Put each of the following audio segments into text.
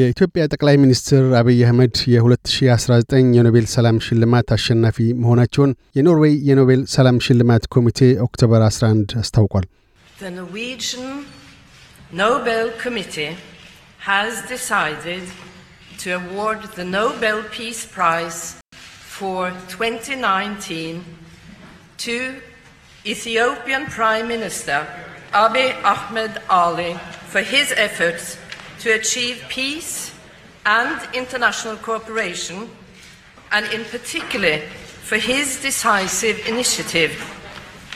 የኢትዮጵያ ጠቅላይ ሚኒስትር አብይ አህመድ የ2019 የኖቤል ሰላም ሽልማት አሸናፊ መሆናቸውን የኖርዌይ የኖቤል ሰላም ሽልማት ኮሚቴ ኦክቶበር 11 አስታውቋል። Ethiopian Prime Minister Abiy Ahmed Ali for his efforts to achieve peace and international cooperation, and in particular for his decisive initiative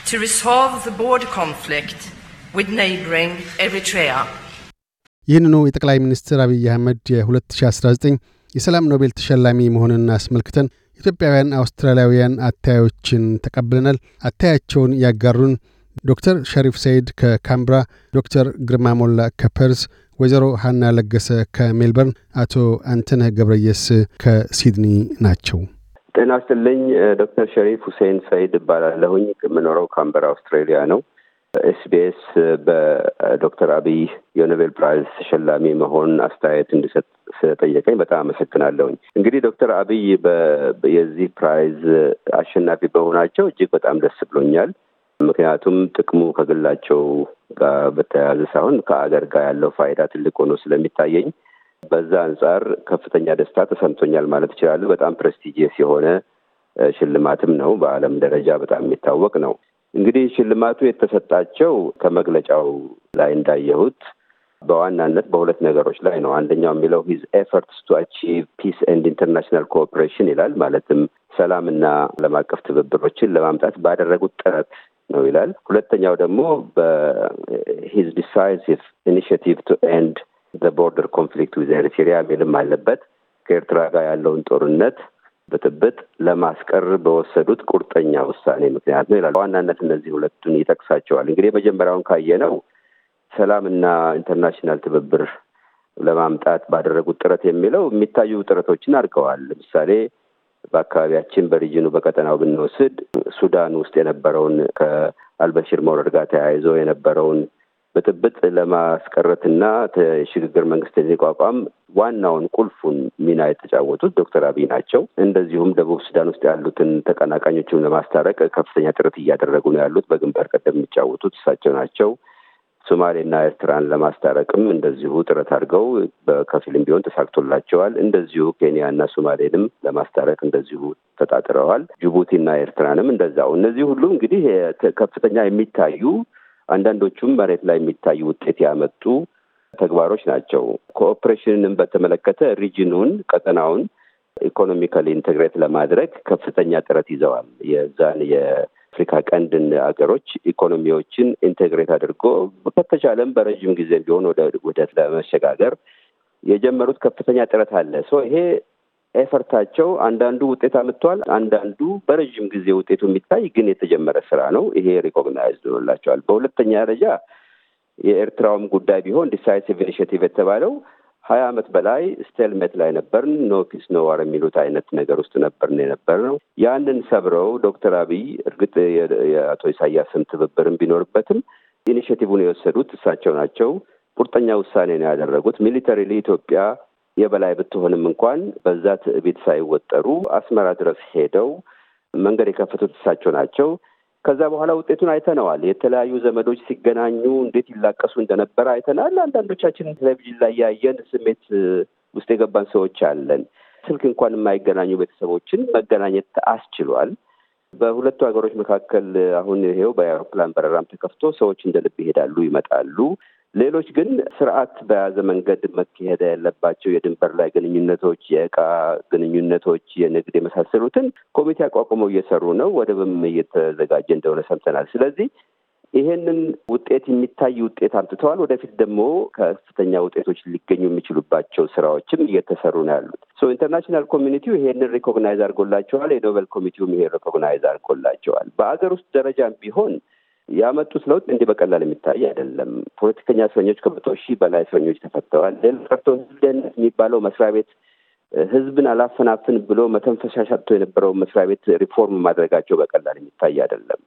to resolve the border conflict with neighbouring Eritrea. ይህንኑ የጠቅላይ ሚኒስትር አብይ አህመድ የ2019 የሰላም ኖቤል ተሸላሚ መሆንን አስመልክተን ኢትዮጵያውያን አውስትራሊያውያን አታዮችን ተቀብለናል። አታያቸውን ያጋሩን ዶክተር ሸሪፍ ሰይድ ከካምብራ፣ ዶክተር ግርማ ሞላ ከፐርዝ ወይዘሮ ሀና ለገሰ ከሜልበርን፣ አቶ አንተነህ ገብረየስ ከሲድኒ ናቸው። ጤና ይስጥልኝ። ዶክተር ሸሪፍ ሁሴን ሰይድ እባላለሁኝ። የምኖረው ካምበራ አውስትራሊያ ነው። ኤስቢኤስ በዶክተር አብይ የኖቤል ፕራይዝ ተሸላሚ መሆን አስተያየት እንዲሰጥ ስለጠየቀኝ በጣም አመሰግናለሁኝ። እንግዲህ ዶክተር አብይ የዚህ ፕራይዝ አሸናፊ በመሆናቸው እጅግ በጣም ደስ ብሎኛል። ምክንያቱም ጥቅሙ ከግላቸው ጋር በተያያዘ ሳይሆን ከአገር ጋር ያለው ፋይዳ ትልቅ ሆኖ ስለሚታየኝ በዛ አንጻር ከፍተኛ ደስታ ተሰምቶኛል ማለት ይችላሉ። በጣም ፕሬስቲጂየስ የሆነ ሽልማትም ነው። በዓለም ደረጃ በጣም የሚታወቅ ነው። እንግዲህ ሽልማቱ የተሰጣቸው ከመግለጫው ላይ እንዳየሁት በዋናነት በሁለት ነገሮች ላይ ነው። አንደኛው የሚለው ሂዝ ኤፈርትስ ቱ አቺቭ ፒስ ኤንድ ኢንተርናሽናል ኮኦፕሬሽን ይላል። ማለትም ሰላምና ዓለም አቀፍ ትብብሮችን ለማምጣት ባደረጉት ጥረት ነው ይላል። ሁለተኛው ደግሞ በሂዝ ዲሳይሲቭ ኢኒሽቲቭ ቱ ኤንድ ቦርደር ኮንፍሊክት ዊዝ ኤርትሪያ የሚልም አለበት። ከኤርትራ ጋር ያለውን ጦርነት ብጥብጥ ለማስቀር በወሰዱት ቁርጠኛ ውሳኔ ምክንያት ነው ይላል። በዋናነት እነዚህ ሁለቱን ይጠቅሳቸዋል። እንግዲህ የመጀመሪያውን ካየነው ሰላምና ኢንተርናሽናል ትብብር ለማምጣት ባደረጉት ጥረት የሚለው የሚታዩ ጥረቶችን አድርገዋል። ለምሳሌ በአካባቢያችን በሪጅኑ በቀጠናው ብንወስድ ሱዳን ውስጥ የነበረውን ከአልበሽር መውረድ ጋር ተያይዞ የነበረውን ብጥብጥ ለማስቀረትና የሽግግር መንግስት ቋቋም ዋናውን ቁልፉን ሚና የተጫወቱት ዶክተር አብይ ናቸው። እንደዚሁም ደቡብ ሱዳን ውስጥ ያሉትን ተቀናቃኞችን ለማስታረቅ ከፍተኛ ጥረት እያደረጉ ነው ያሉት። በግንባር ቀደም የሚጫወቱት እሳቸው ናቸው። ሶማሌና ኤርትራን ለማስታረቅም እንደዚሁ ጥረት አድርገው በከፊልም ቢሆን ተሳክቶላቸዋል። እንደዚሁ ኬንያና ሶማሌንም ለማስታረቅ እንደዚሁ ተጣጥረዋል። ጅቡቲና ኤርትራንም እንደዛው። እነዚህ ሁሉ እንግዲህ ከፍተኛ የሚታዩ አንዳንዶቹም መሬት ላይ የሚታዩ ውጤት ያመጡ ተግባሮች ናቸው። ኮኦፕሬሽንንም በተመለከተ ሪጅኑን ቀጠናውን ኢኮኖሚካሊ ኢንቴግሬት ለማድረግ ከፍተኛ ጥረት ይዘዋል። የዛን አፍሪካ ቀንድን ሀገሮች ኢኮኖሚዎችን ኢንቴግሬት አድርጎ ከተቻለም በረዥም ጊዜ ቢሆን ወደ ለመሸጋገር የጀመሩት ከፍተኛ ጥረት አለ። ይሄ ኤፈርታቸው አንዳንዱ ውጤት አምጥቷል፣ አንዳንዱ በረዥም ጊዜ ውጤቱ የሚታይ ግን የተጀመረ ስራ ነው። ይሄ ሪኮግናይዝ ሆኖላቸዋል። በሁለተኛ ደረጃ የኤርትራውም ጉዳይ ቢሆን ዲሳይሲቭ ኢኒሽቲቭ የተባለው ሀያ አመት በላይ ስቴልሜት ላይ ነበርን። ኖ ፒስ ኖ ዋር የሚሉት አይነት ነገር ውስጥ ነበርን የነበር ነው። ያንን ሰብረው ዶክተር አብይ እርግጥ የአቶ ኢሳያስን ትብብርም ቢኖርበትም ኢኒሽቲቭን የወሰዱት እሳቸው ናቸው። ቁርጠኛ ውሳኔ ነው ያደረጉት። ሚሊተሪ ኢትዮጵያ የበላይ ብትሆንም እንኳን በዛ ትዕቢት ሳይወጠሩ አስመራ ድረስ ሄደው መንገድ የከፈቱት እሳቸው ናቸው። ከዛ በኋላ ውጤቱን አይተነዋል። የተለያዩ ዘመዶች ሲገናኙ እንዴት ይላቀሱ እንደነበረ አይተናል። አንዳንዶቻችን ቴሌቪዥን ላይ ያየን ስሜት ውስጥ የገባን ሰዎች አለን። ስልክ እንኳን የማይገናኙ ቤተሰቦችን መገናኘት አስችሏል። በሁለቱ ሀገሮች መካከል አሁን ይሄው በአውሮፕላን በረራም ተከፍቶ ሰዎች እንደ ልብ ይሄዳሉ፣ ይመጣሉ። ሌሎች ግን ስርዓት በያዘ መንገድ መካሄድ ያለባቸው የድንበር ላይ ግንኙነቶች፣ የእቃ ግንኙነቶች፣ የንግድ የመሳሰሉትን ኮሚቴ አቋቁመው እየሰሩ ነው። ወደብም እየተዘጋጀ እንደሆነ ሰምተናል። ስለዚህ ይሄንን ውጤት የሚታይ ውጤት አምጥተዋል። ወደፊት ደግሞ ከፍተኛ ውጤቶች ሊገኙ የሚችሉባቸው ስራዎችም እየተሰሩ ነው ያሉት። ሶ ኢንተርናሽናል ኮሚኒቲው ይሄንን ሪኮግናይዝ አድርጎላቸዋል። የኖቤል ኮሚቴውም ይሄ ሪኮግናይዝ አድርጎላቸዋል። በአገር ውስጥ ደረጃም ቢሆን ያመጡት ለውጥ እንዲህ በቀላል የሚታይ አይደለም። ፖለቲከኛ እስረኞች ከመቶ ሺህ በላይ እስረኞች ተፈተዋል። ሌላ ቀርቶ ህዝብ ደህንነት የሚባለው መስሪያ ቤት ህዝብን አላፈናፍን ብሎ መተንፈሻ ሰጥቶ የነበረው መስሪያ ቤት ሪፎርም ማድረጋቸው በቀላል የሚታይ አይደለም።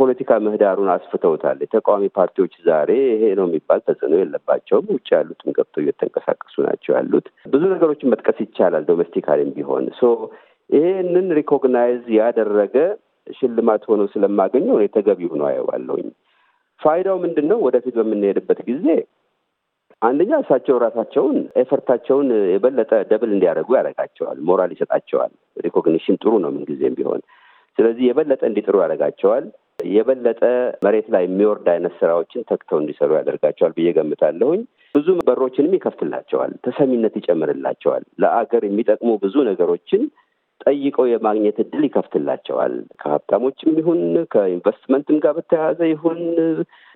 ፖለቲካ ምህዳሩን አስፍተውታል። የተቃዋሚ ፓርቲዎች ዛሬ ይሄ ነው የሚባል ተጽዕኖ የለባቸውም። ውጭ ያሉትም ገብተው እየተንቀሳቀሱ ናቸው ያሉት። ብዙ ነገሮችን መጥቀስ ይቻላል። ዶሜስቲካሊም ቢሆን ሶ ይሄንን ሪኮግናይዝ ያደረገ ሽልማት ሆኖ ስለማገኘው እኔ ተገቢ ሆኖ አየዋለሁኝ። ፋይዳው ምንድን ነው? ወደፊት በምንሄድበት ጊዜ አንደኛ እሳቸው ራሳቸውን ኤፈርታቸውን የበለጠ ደብል እንዲያደርጉ ያደርጋቸዋል። ሞራል ይሰጣቸዋል። ሪኮግኒሽን ጥሩ ነው ምንጊዜም ቢሆን። ስለዚህ የበለጠ እንዲጥሩ ያደርጋቸዋል። የበለጠ መሬት ላይ የሚወርድ አይነት ስራዎችን ተግተው እንዲሰሩ ያደርጋቸዋል ብዬ ገምታለሁኝ። ብዙ በሮችንም ይከፍትላቸዋል። ተሰሚነት ይጨምርላቸዋል። ለአገር የሚጠቅሙ ብዙ ነገሮችን ጠይቀው የማግኘት እድል ይከፍትላቸዋል። ከሀብታሞችም ይሁን ከኢንቨስትመንትም ጋር በተያያዘ ይሁን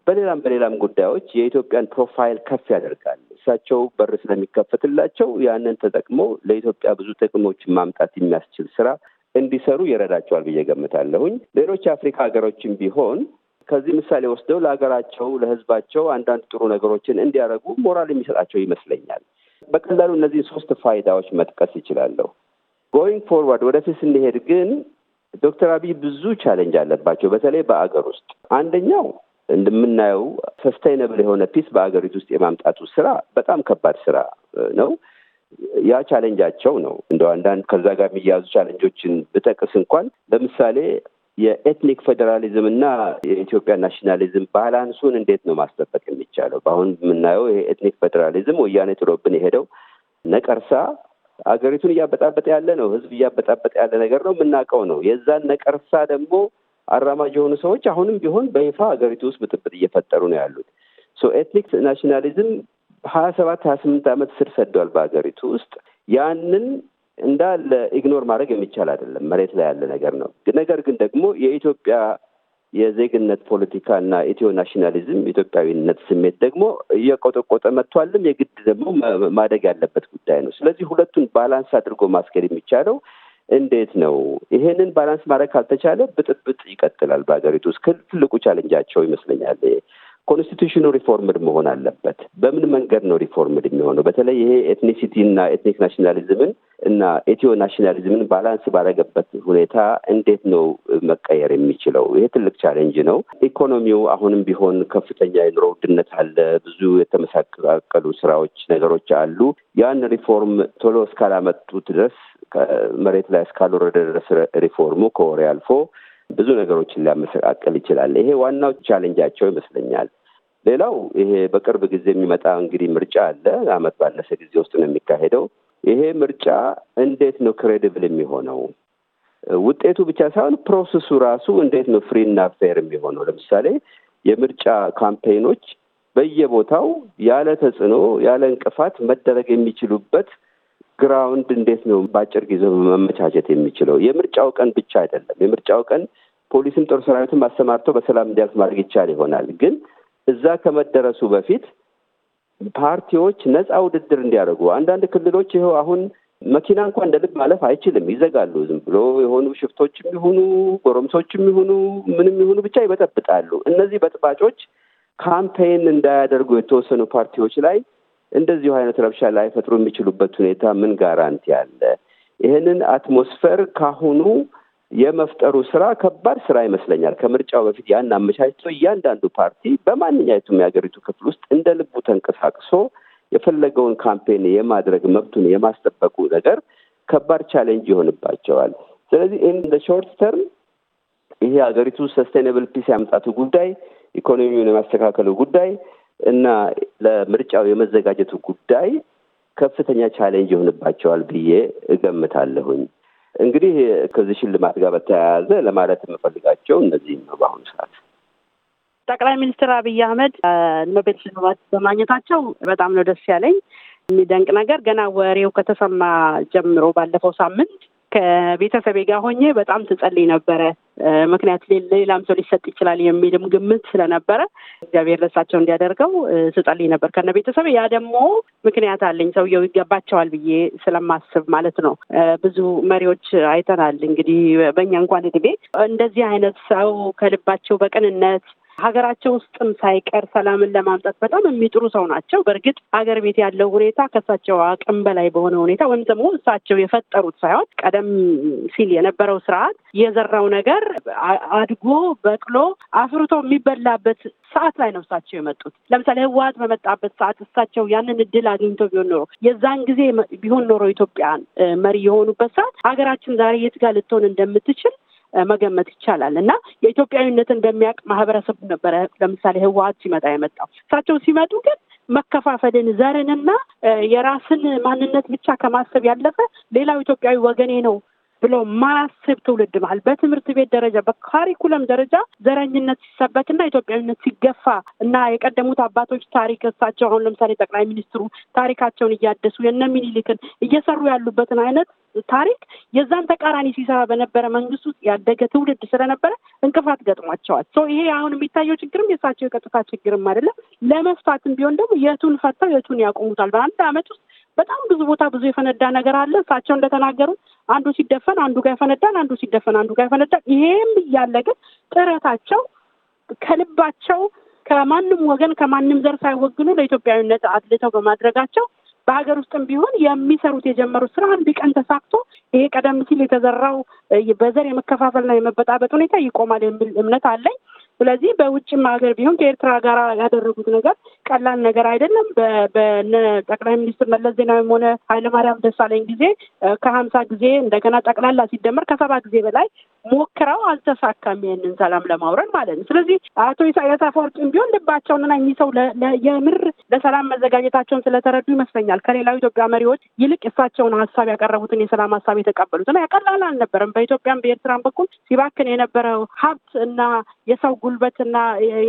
በሌላም በሌላም ጉዳዮች የኢትዮጵያን ፕሮፋይል ከፍ ያደርጋል። እሳቸው በር ስለሚከፈትላቸው ያንን ተጠቅመው ለኢትዮጵያ ብዙ ጥቅሞች ማምጣት የሚያስችል ስራ እንዲሰሩ ይረዳቸዋል ብዬ ገምታለሁኝ። ሌሎች የአፍሪካ ሀገሮችም ቢሆን ከዚህ ምሳሌ ወስደው ለሀገራቸው ለህዝባቸው አንዳንድ ጥሩ ነገሮችን እንዲያደርጉ ሞራል የሚሰጣቸው ይመስለኛል። በቀላሉ እነዚህ ሶስት ፋይዳዎች መጥቀስ ይችላለሁ። ጎይንግ ፎርዋርድ ወደፊት ስንሄድ ግን ዶክተር አብይ ብዙ ቻለንጅ አለባቸው። በተለይ በአገር ውስጥ አንደኛው እንደምናየው ሰስታይነብል የሆነ ፒስ በአገሪቱ ውስጥ የማምጣቱ ስራ በጣም ከባድ ስራ ነው። ያ ቻለንጃቸው ነው። እንደ አንዳንድ ከዛ ጋር የሚያያዙ ቻለንጆችን ብጠቅስ እንኳን ለምሳሌ የኤትኒክ ፌዴራሊዝም እና የኢትዮጵያ ናሽናሊዝም ባላንሱን እንዴት ነው ማስጠበቅ የሚቻለው? በአሁን የምናየው የኤትኒክ ፌዴራሊዝም ወያኔ ጥሎብን የሄደው ነቀርሳ አገሪቱን እያበጣበጠ ያለ ነው። ህዝብ እያበጣበጠ ያለ ነገር ነው። የምናውቀው ነው። የዛን ነቀርሳ ደግሞ አራማጅ የሆኑ ሰዎች አሁንም ቢሆን በይፋ ሀገሪቱ ውስጥ ብጥብጥ እየፈጠሩ ነው ያሉት። ሶ ኤትኒክ ናሽናሊዝም ሀያ ሰባት ሀያ ስምንት ዓመት ስር ሰደዋል በሀገሪቱ ውስጥ ያንን እንዳለ ኢግኖር ማድረግ የሚቻል አይደለም። መሬት ላይ ያለ ነገር ነው። ነገር ግን ደግሞ የኢትዮጵያ የዜግነት ፖለቲካ እና ኢትዮ ናሽናሊዝም ኢትዮጵያዊነት ስሜት ደግሞ እየቆጠቆጠ መጥቷልም የግድ ደግሞ ማደግ ያለበት ጉዳይ ነው። ስለዚህ ሁለቱን ባላንስ አድርጎ ማስኬድ የሚቻለው እንዴት ነው? ይሄንን ባላንስ ማድረግ ካልተቻለ ብጥብጥ ይቀጥላል በሀገሪቱ ውስጥ። ትልቁ ቻለንጃቸው ይመስለኛል። ኮንስቲቱሽኑ ሪፎርምድ መሆን አለበት። በምን መንገድ ነው ሪፎርምድ የሚሆነው? በተለይ ይሄ ኤትኒሲቲ እና ኤትኒክ ናሽናሊዝምን እና ኤትዮ ናሽናሊዝምን ባላንስ ባረገበት ሁኔታ እንዴት ነው መቀየር የሚችለው? ይሄ ትልቅ ቻሌንጅ ነው። ኢኮኖሚው አሁንም ቢሆን ከፍተኛ የኑሮ ውድነት አለ። ብዙ የተመሳቀሉ ስራዎች፣ ነገሮች አሉ። ያን ሪፎርም ቶሎ እስካላመጡት ድረስ መሬት ላይ እስካልወረደ ድረስ ሪፎርሙ ከወሬ አልፎ ብዙ ነገሮችን ሊያመሰቃቀል ይችላል። ይሄ ዋናው ቻሌንጃቸው ይመስለኛል። ሌላው ይሄ በቅርብ ጊዜ የሚመጣ እንግዲህ ምርጫ አለ። አመት ባነሰ ጊዜ ውስጥ ነው የሚካሄደው። ይሄ ምርጫ እንዴት ነው ክሬዲብል የሚሆነው? ውጤቱ ብቻ ሳይሆን ፕሮሰሱ ራሱ እንዴት ነው ፍሪና ፌር የሚሆነው? ለምሳሌ የምርጫ ካምፔይኖች በየቦታው ያለ ተጽዕኖ ያለ እንቅፋት መደረግ የሚችሉበት ግራውንድ እንዴት ነው በአጭር ጊዜ መመቻቸት የሚችለው? የምርጫው ቀን ብቻ አይደለም። የምርጫው ቀን ፖሊስም ጦር ሰራዊትም አሰማርተው በሰላም እንዲያልፍ ማድረግ ይቻል ይሆናል ግን እዛ ከመደረሱ በፊት ፓርቲዎች ነፃ ውድድር እንዲያደርጉ አንዳንድ ክልሎች ይኸው አሁን መኪና እንኳ እንደ ልብ ማለፍ አይችልም፣ ይዘጋሉ። ዝም ብሎ የሆኑ ሽፍቶች የሚሆኑ ጎረምሶች የሚሆኑ ምንም ይሁኑ ብቻ ይበጠብጣሉ። እነዚህ በጥባጮች ካምፔን እንዳያደርጉ የተወሰኑ ፓርቲዎች ላይ እንደዚሁ አይነት ረብሻ ላይፈጥሩ የሚችሉበት ሁኔታ ምን ጋራንቲ አለ? ይህንን አትሞስፌር ካሁኑ የመፍጠሩ ስራ ከባድ ስራ ይመስለኛል። ከምርጫው በፊት ያን አመቻችቶ እያንዳንዱ ፓርቲ በማንኛቱም የሀገሪቱ ክፍል ውስጥ እንደ ልቡ ተንቀሳቅሶ የፈለገውን ካምፔን የማድረግ መብቱን የማስጠበቁ ነገር ከባድ ቻሌንጅ ይሆንባቸዋል። ስለዚህ ይህን ሾርት ተርም ይሄ ሀገሪቱ ሰስቴናብል ፒስ ያምጣቱ ጉዳይ፣ ኢኮኖሚውን የማስተካከሉ ጉዳይ እና ለምርጫው የመዘጋጀቱ ጉዳይ ከፍተኛ ቻሌንጅ ይሆንባቸዋል ብዬ እገምታለሁኝ። እንግዲህ ከዚህ ሽልማት ጋር በተያያዘ ለማለት የምፈልጋቸው እነዚህም ነው። በአሁኑ ሰዓት ጠቅላይ ሚኒስትር አብይ አህመድ ኖቤል ሽልማት በማግኘታቸው በጣም ነው ደስ ያለኝ። የሚደንቅ ነገር ገና ወሬው ከተሰማ ጀምሮ ባለፈው ሳምንት ከቤተሰቤ ጋር ሆኜ በጣም ትጸልይ ነበረ። ምክንያት ሌላም ሰው ሊሰጥ ይችላል የሚልም ግምት ስለነበረ እግዚአብሔር ለሳቸው እንዲያደርገው ትጸልይ ነበር ከነ ቤተሰብ። ያ ደግሞ ምክንያት አለኝ ሰውየው ይገባቸዋል ብዬ ስለማስብ ማለት ነው። ብዙ መሪዎች አይተናል እንግዲህ በእኛ እንኳን እድሜ እንደዚህ አይነት ሰው ከልባቸው በቅንነት ሀገራቸው ውስጥም ሳይቀር ሰላምን ለማምጣት በጣም የሚጥሩ ሰው ናቸው። በእርግጥ ሀገር ቤት ያለው ሁኔታ ከእሳቸው አቅም በላይ በሆነ ሁኔታ ወይም ደግሞ እሳቸው የፈጠሩት ሳይሆን ቀደም ሲል የነበረው ስርዓት የዘራው ነገር አድጎ በቅሎ አፍርቶ የሚበላበት ሰዓት ላይ ነው እሳቸው የመጡት። ለምሳሌ ህወሀት በመጣበት ሰዓት እሳቸው ያንን እድል አግኝቶ ቢሆን ኖሮ የዛን ጊዜ ቢሆን ኖሮ ኢትዮጵያን መሪ የሆኑበት ሰዓት ሀገራችን ዛሬ የት ጋር ልትሆን እንደምትችል መገመት ይቻላል እና የኢትዮጵያዊነትን በሚያውቅ ማህበረሰቡ ነበረ። ለምሳሌ ህወሀት ሲመጣ የመጣው እሳቸው ሲመጡ ግን መከፋፈልን፣ ዘርንና የራስን ማንነት ብቻ ከማሰብ ያለፈ ሌላው ኢትዮጵያዊ ወገኔ ነው ብሎ ማያስብ ትውልድ መሀል በትምህርት ቤት ደረጃ በካሪኩለም ደረጃ ዘረኝነት ሲሰበክና ኢትዮጵያዊነት ሲገፋ እና የቀደሙት አባቶች ታሪክ እሳቸው አሁን ለምሳሌ ጠቅላይ ሚኒስትሩ ታሪካቸውን እያደሱ የነ እየሰሩ ያሉበትን አይነት ታሪክ የዛን ተቃራኒ ሲሰራ በነበረ መንግስት ውስጥ ያደገ ትውልድ ስለነበረ እንቅፋት ገጥሟቸዋል። ይሄ አሁን የሚታየው ችግርም የእሳቸው የቀጥታ ችግርም አይደለም። ለመፍታትም ቢሆን ደግሞ የቱን ፈተው የቱን ያቆሙታል። በአንድ አመት ውስጥ በጣም ብዙ ቦታ ብዙ የፈነዳ ነገር አለ። እሳቸው እንደተናገሩት አንዱ ሲደፈን አንዱ ጋር ይፈነዳል፣ አንዱ ሲደፈን አንዱ ጋር ይፈነዳል። ይሄም እያለ ግን ጥረታቸው ከልባቸው ከማንም ወገን ከማንም ዘር ሳይወግኑ ለኢትዮጵያዊነት አድልተው በማድረጋቸው በሀገር ውስጥም ቢሆን የሚሰሩት የጀመሩት ስራ አንድ ቀን ተሳክቶ ይሄ ቀደም ሲል የተዘራው በዘር የመከፋፈልና የመበጣበጥ ሁኔታ ይቆማል የሚል እምነት አለኝ። ስለዚህ በውጭም ሀገር ቢሆን ከኤርትራ ጋር ያደረጉት ነገር ቀላል ነገር አይደለም። በጠቅላይ ጠቅላይ ሚኒስትር መለስ ዜናዊም ሆነ ኃይለማርያም ደሳለኝ ጊዜ ከሀምሳ ጊዜ እንደገና ጠቅላላ ሲደመር ከሰባ ጊዜ በላይ ሞክረው አልተሳካም፣ ይህንን ሰላም ለማውረድ ማለት ነው። ስለዚህ አቶ ኢሳያስ አፈወርቂም ቢሆን ልባቸውንና እኚህ ሰው የምር ለሰላም መዘጋጀታቸውን ስለተረዱ ይመስለኛል ከሌላው ኢትዮጵያ መሪዎች ይልቅ እሳቸውን ሀሳብ ያቀረቡትን የሰላም ሀሳብ የተቀበሉት እና ያቀላል አልነበረም። በኢትዮጵያም በኤርትራም በኩል ሲባክን የነበረው ሀብት እና የሰው ጉልበት እና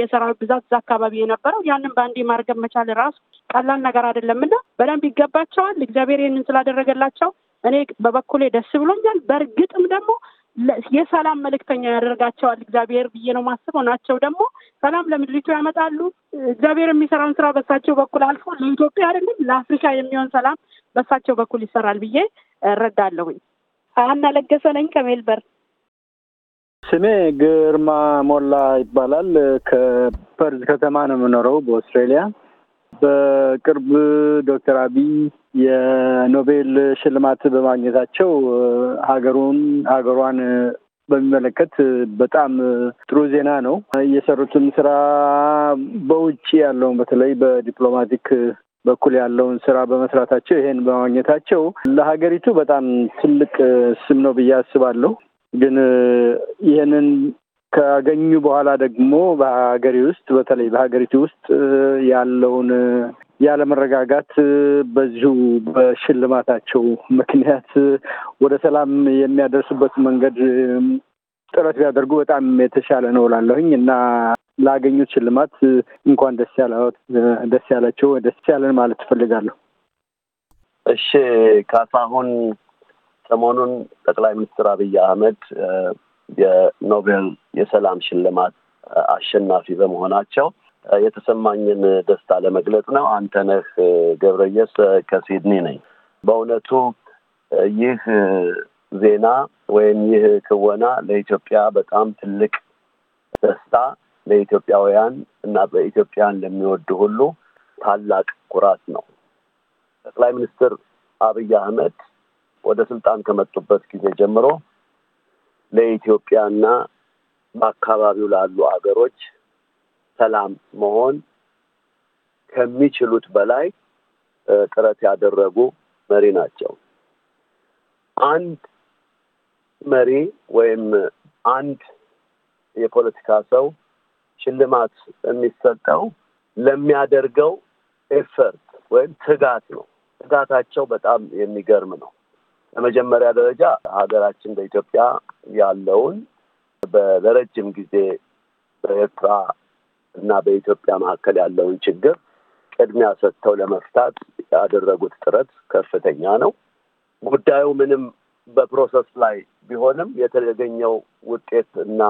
የሰራዊት ብዛት እዛ አካባቢ የነበረው ያንን በአንዴ ማድረግ መቻል ራሱ ቀላል ነገር አይደለም እና በደንብ ይገባቸዋል። እግዚአብሔር ይህንን ስላደረገላቸው እኔ በበኩሌ ደስ ብሎኛል። በእርግጥም ደግሞ የሰላም መልእክተኛ ያደርጋቸዋል እግዚአብሔር ብዬ ነው ማስበው። ናቸው ደግሞ ሰላም ለምድሪቱ ያመጣሉ። እግዚአብሔር የሚሰራውን ስራ በሳቸው በኩል አልፎ ለኢትዮጵያ አይደለም ለአፍሪካ የሚሆን ሰላም በሳቸው በኩል ይሰራል ብዬ እረዳለሁኝ። አና ለገሰ ነኝ ከሜልበር ስሜ ግርማ ሞላ ይባላል። ከፐርዝ ከተማ ነው የምኖረው በኦስትሬሊያ። በቅርብ ዶክተር አብይ የኖቤል ሽልማት በማግኘታቸው ሀገሩን ሀገሯን በሚመለከት በጣም ጥሩ ዜና ነው። የሰሩትም ስራ በውጭ ያለውን በተለይ በዲፕሎማቲክ በኩል ያለውን ስራ በመስራታቸው ይሄን በማግኘታቸው ለሀገሪቱ በጣም ትልቅ ስም ነው ብዬ አስባለሁ። ግን ይህንን ካገኙ በኋላ ደግሞ በሀገሪ ውስጥ በተለይ በሀገሪቱ ውስጥ ያለውን ያለመረጋጋት በዚሁ በሽልማታቸው ምክንያት ወደ ሰላም የሚያደርሱበት መንገድ ጥረት ቢያደርጉ በጣም የተሻለ ነው እላለሁኝ እና ላገኙት ሽልማት እንኳን ደስ ያለት ደስ ያላቸው ደስ ያለን ማለት ትፈልጋለሁ። እሺ ካሳሁን ሰሞኑን ጠቅላይ ሚኒስትር አብይ አህመድ የኖቤል የሰላም ሽልማት አሸናፊ በመሆናቸው የተሰማኝን ደስታ ለመግለጽ ነው። አንተነህ ገብረየስ ከሲድኒ ነኝ። በእውነቱ ይህ ዜና ወይም ይህ ክወና ለኢትዮጵያ በጣም ትልቅ ደስታ፣ ለኢትዮጵያውያን እና በኢትዮጵያን ለሚወዱ ሁሉ ታላቅ ኩራት ነው። ጠቅላይ ሚኒስትር አብይ አህመድ ወደ ስልጣን ከመጡበት ጊዜ ጀምሮ ለኢትዮጵያና በአካባቢው ላሉ አገሮች ሰላም መሆን ከሚችሉት በላይ ጥረት ያደረጉ መሪ ናቸው። አንድ መሪ ወይም አንድ የፖለቲካ ሰው ሽልማት የሚሰጠው ለሚያደርገው ኤፈርት ወይም ትጋት ነው። ትጋታቸው በጣም የሚገርም ነው። በመጀመሪያ ደረጃ ሀገራችን በኢትዮጵያ ያለውን በረጅም ጊዜ በኤርትራ እና በኢትዮጵያ መካከል ያለውን ችግር ቅድሚያ ሰጥተው ለመፍታት ያደረጉት ጥረት ከፍተኛ ነው። ጉዳዩ ምንም በፕሮሰስ ላይ ቢሆንም የተገኘው ውጤት እና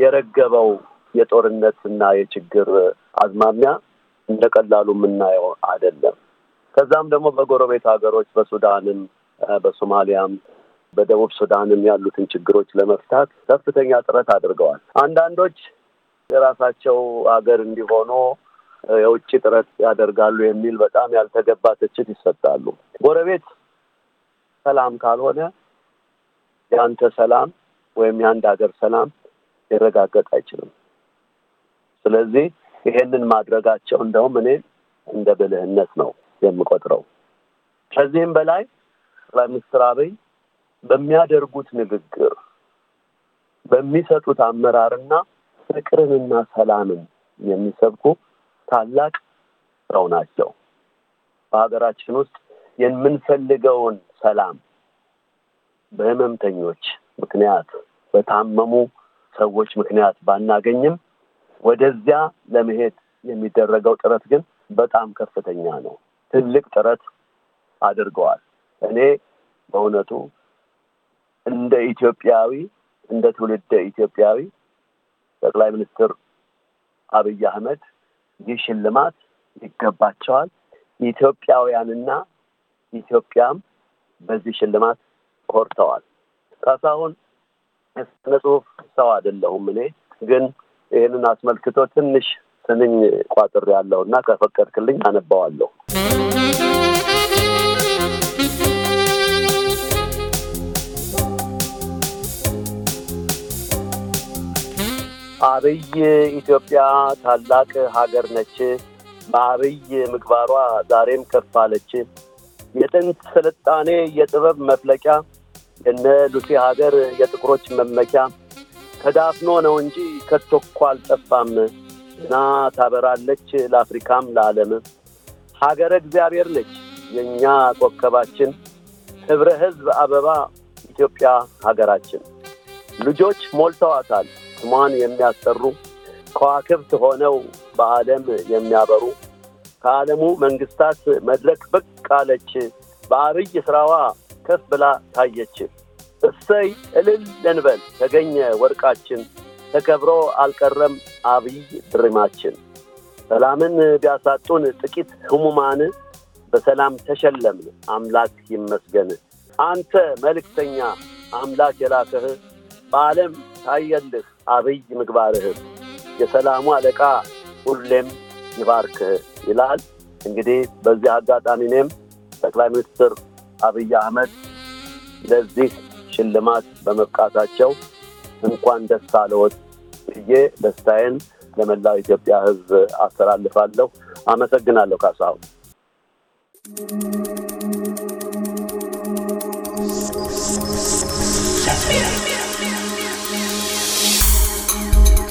የረገበው የጦርነት እና የችግር አዝማሚያ እንደ ቀላሉ የምናየው አይደለም። ከዛም ደግሞ በጎረቤት ሀገሮች በሱዳንም በሶማሊያም በደቡብ ሱዳንም ያሉትን ችግሮች ለመፍታት ከፍተኛ ጥረት አድርገዋል። አንዳንዶች የራሳቸው ሀገር እንዲሆኑ የውጭ ጥረት ያደርጋሉ የሚል በጣም ያልተገባ ትችት ይሰጣሉ። ጎረቤት ሰላም ካልሆነ የአንተ ሰላም ወይም የአንድ ሀገር ሰላም ሊረጋገጥ አይችልም። ስለዚህ ይሄንን ማድረጋቸው እንደውም እኔ እንደ ብልህነት ነው የምቆጥረው። ከዚህም በላይ ጠቅላይ ሚኒስትር አብይ በሚያደርጉት ንግግር በሚሰጡት አመራርና ፍቅርንና ሰላምን የሚሰብኩ ታላቅ ሰው ናቸው። በሀገራችን ውስጥ የምንፈልገውን ሰላም በህመምተኞች ምክንያት በታመሙ ሰዎች ምክንያት ባናገኝም ወደዚያ ለመሄድ የሚደረገው ጥረት ግን በጣም ከፍተኛ ነው። ትልቅ ጥረት አድርገዋል። እኔ በእውነቱ እንደ ኢትዮጵያዊ እንደ ትውልደ ኢትዮጵያዊ ጠቅላይ ሚኒስትር አብይ አህመድ ይህ ሽልማት ይገባቸዋል። ኢትዮጵያውያንና ኢትዮጵያም በዚህ ሽልማት ኮርተዋል። ካሳሁን ስነ ጽሁፍ ሰው አይደለሁም እኔ ግን ይህንን አስመልክቶ ትንሽ ስንኝ ቋጥር ያለው እና ከፈቀድክልኝ አነባዋለሁ። አብይ ኢትዮጵያ ታላቅ ሀገር ነች። በአብይ ምግባሯ ዛሬም ከፍ አለች። የጥንት ስልጣኔ የጥበብ መፍለቂያ፣ የነ ሉሲ ሀገር የጥቁሮች መመኪያ ተዳፍኖ ነው እንጂ ከቶ አልጠፋም እና ታበራለች ለአፍሪካም ለዓለም። ሀገረ እግዚአብሔር ነች የእኛ ኮከባችን፣ ኅብረ ህዝብ አበባ ኢትዮጵያ ሀገራችን። ልጆች ሞልተዋታል ስሟን የሚያሰሩ! ከዋክብት ሆነው በዓለም የሚያበሩ ከዓለሙ መንግስታት መድረክ ብቅ አለች። በአብይ ስራዋ ከፍ ብላ ታየች። እሰይ እልል ለንበል ተገኘ ወርቃችን፣ ተከብሮ አልቀረም አብይ ድርማችን። ሰላምን ቢያሳጡን ጥቂት ህሙማን፣ በሰላም ተሸለምን አምላክ ይመስገን። አንተ መልእክተኛ አምላክ የላከህ በዓለም ይታየልህ አብይ ምግባርህ፣ የሰላሙ አለቃ ሁሌም ይባርክህ ይላል። እንግዲህ በዚህ አጋጣሚ ኔም ጠቅላይ ሚኒስትር አብይ አህመድ ለዚህ ሽልማት በመብቃታቸው እንኳን ደስ አለወት ብዬ ደስታዬን ለመላው ኢትዮጵያ ህዝብ አስተላልፋለሁ። አመሰግናለሁ ካሳሁን።